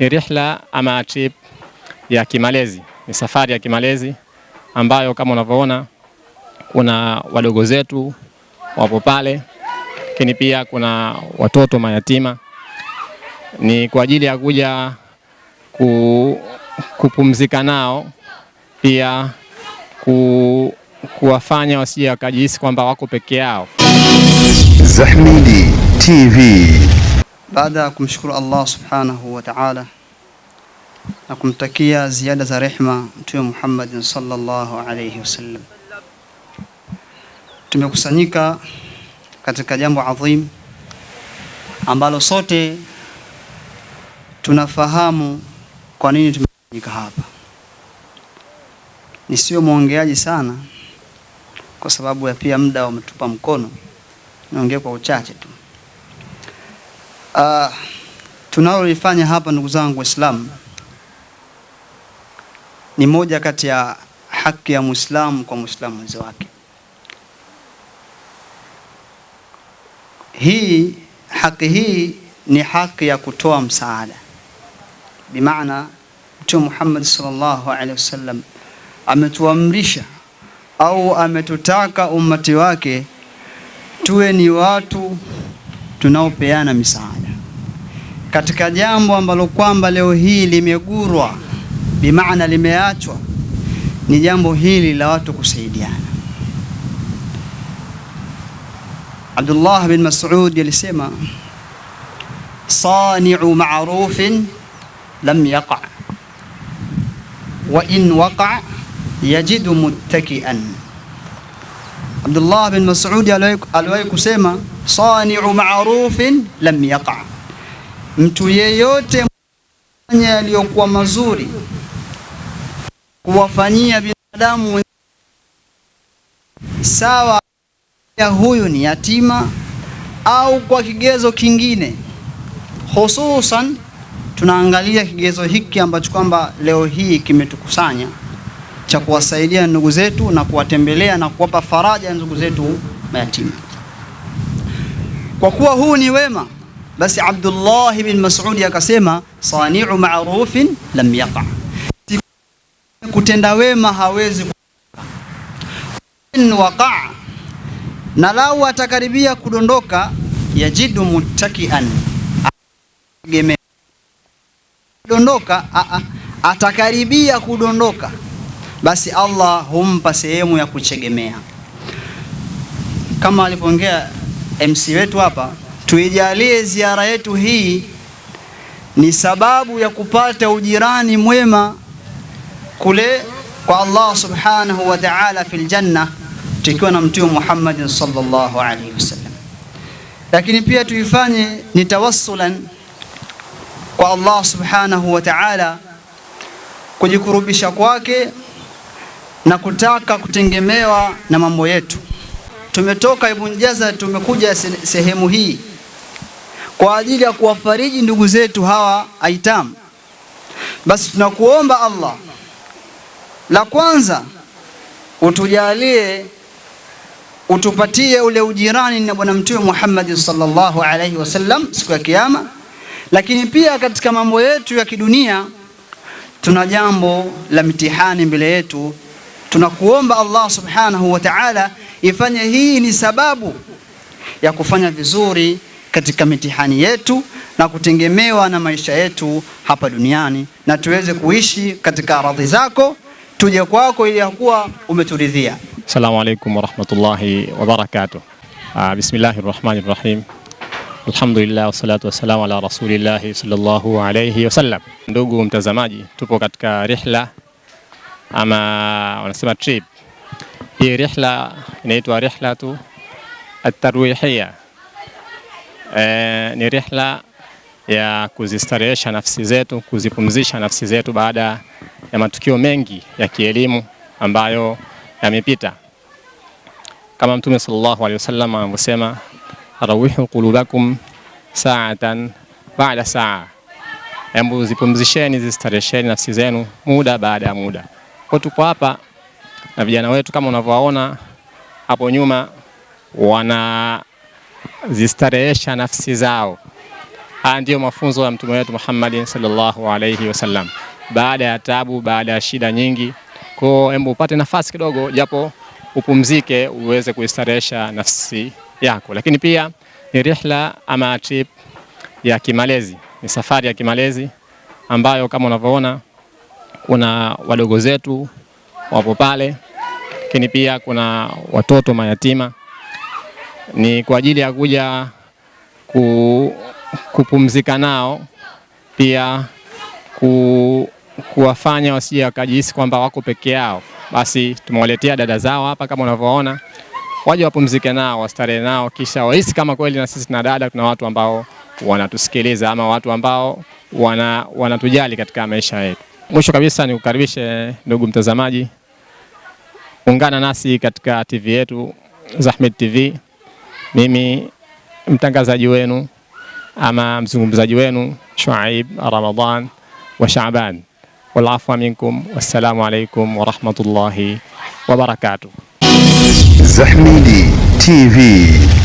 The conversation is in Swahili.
ni rihla ama trip ya kimalezi, ni safari ya kimalezi ambayo kama unavyoona kuna wadogo zetu wapo pale, lakini pia kuna watoto mayatima. Ni kwa ajili ya kuja ku, kupumzika nao pia ku, kuwafanya wasije wakajihisi kwamba wako peke yao. Zahmidi TV. Baada ya kumshukuru Allah subhanahu wa ta'ala na kumtakia ziada za rehma Mtume Muhammad sallallahu alayhi wasallam, tumekusanyika katika jambo adhim ambalo sote tunafahamu kwa nini tumekusanyika hapa. Nisiwe mwongeaji sana, kwa sababu ya pia muda umetupa mkono, niongee kwa uchache tu. Uh, tunalolifanya hapa ndugu zangu Waislamu ni moja kati ya haki ya Muislamu kwa Muislamu mwenzi wake. Hii haki hii ni haki ya kutoa msaada, bimaana Mtume Muhammad sallallahu alaihi wasallam ametuamrisha au ametutaka ummati wake tuwe ni watu tunaopeana misaada katika jambo ambalo kwamba leo hii limegurwa, bimaana limeachwa, ni jambo hili la watu kusaidiana. Abdullah bin Mas'ud alisema sani'u ma'rufin lam yaqa wa in waqa yajidu muttakian. Abdullah bin Mas'ud aliwahi kusema sani'u ma'rufin lam yaqa Mtu yeyote mwenye yaliyokuwa mazuri kuwafanyia binadamu sawa, ya huyu ni yatima au kwa kigezo kingine, hususan tunaangalia kigezo hiki ambacho kwamba leo hii kimetukusanya cha kuwasaidia ndugu zetu na kuwatembelea na kuwapa faraja ndugu zetu mayatima, kwa kuwa huu ni wema basi Abdullah bin Mas'ud akasema sani'u ma'rufin lam yaqa, kutenda wema hawezi waqa, na lau atakaribia kudondoka, yajidu muttakian, dondoka atakaribia kudondoka, basi Allah humpa sehemu ya kuchegemea, kama alivyoongea MC wetu hapa tuijalie ziara yetu hii ni sababu ya kupata ujirani mwema kule kwa Allah subhanahu wa ta'ala fil janna, tukiwa na Mtume Muhammadin sallallahu alaihi wasallam. Lakini pia tuifanye ni tawassulan kwa Allah subhanahu wa ta'ala, kujikurubisha kwake na kutaka kutengemewa na mambo yetu. Tumetoka Ibn Jaza, tumekuja sehemu hii kwa ajili ya kuwafariji ndugu zetu hawa aitam. Basi tunakuomba Allah, la kwanza utujalie utupatie ule ujirani na Bwana Mtume Muhammad sallallahu alaihi wasallam siku ya Kiyama. Lakini pia katika mambo yetu ya kidunia tuna jambo la mitihani mbele yetu. Tunakuomba Allah subhanahu wa ta'ala, ifanye hii ni sababu ya kufanya vizuri katika mitihani yetu na kutengemewa na maisha yetu hapa duniani, na tuweze kuishi katika radhi zako, tuje kwako ili yakuwa umeturidhia. Assalamu alaikum warahmatullahi wabarakatuh. Ah, bismillahir rahmanir rahim. Alhamdulillah wassalatu wassalamu ala rasulillahi sallallahu alayhi wasallam. Ndugu mtazamaji, tupo katika rihla ama wanasema trip. Hii rihla inaitwa rihlatu at-tarwihiyah e, ni rihla ya kuzistarehesha nafsi zetu, kuzipumzisha nafsi zetu baada ya matukio mengi ya kielimu ambayo yamepita, kama Mtume sallallahu alaihi wasallam anavyosema, rawihu qulubakum saatan bada saa, hebu zipumzisheni zistarehesheni nafsi zenu muda baada ya muda. Kwa tuko hapa na vijana wetu kama unavyowaona hapo nyuma wana zistarehesha nafsi zao. Haya ndiyo mafunzo ya mtume wetu Muhammad sallallahu alaihi wasallam, baada ya tabu, baada ya shida nyingi. Kwa hebu upate nafasi kidogo, japo upumzike, uweze kuistarehesha nafsi yako. Lakini pia ni rihla ama trip ya kimalezi, ni safari ya kimalezi ambayo kama unavyoona kuna wadogo zetu wapo pale, lakini pia kuna watoto mayatima ni kwa ajili ya kuja ku, kupumzika nao pia ku, kuwafanya wasije wakajihisi kwamba wako peke yao. Basi tumewaletea dada zao hapa kama unavyoona, waje wapumzike nao, wastarehe nao, kisha wahisi kama kweli na sisi tuna dada, tuna watu ambao wanatusikiliza ama watu ambao wana, wanatujali katika maisha yetu. Mwisho kabisa nikukaribishe ndugu mtazamaji, ungana nasi katika TV yetu Zahmid TV. mimi mtangazaji wenu ama mzungumzaji wenu Shuaib Ramadan wa Shaaban. Wal afwa minkum, wassalamu alaikum warahmatullahi wabarakatuh. Zahmidi TV.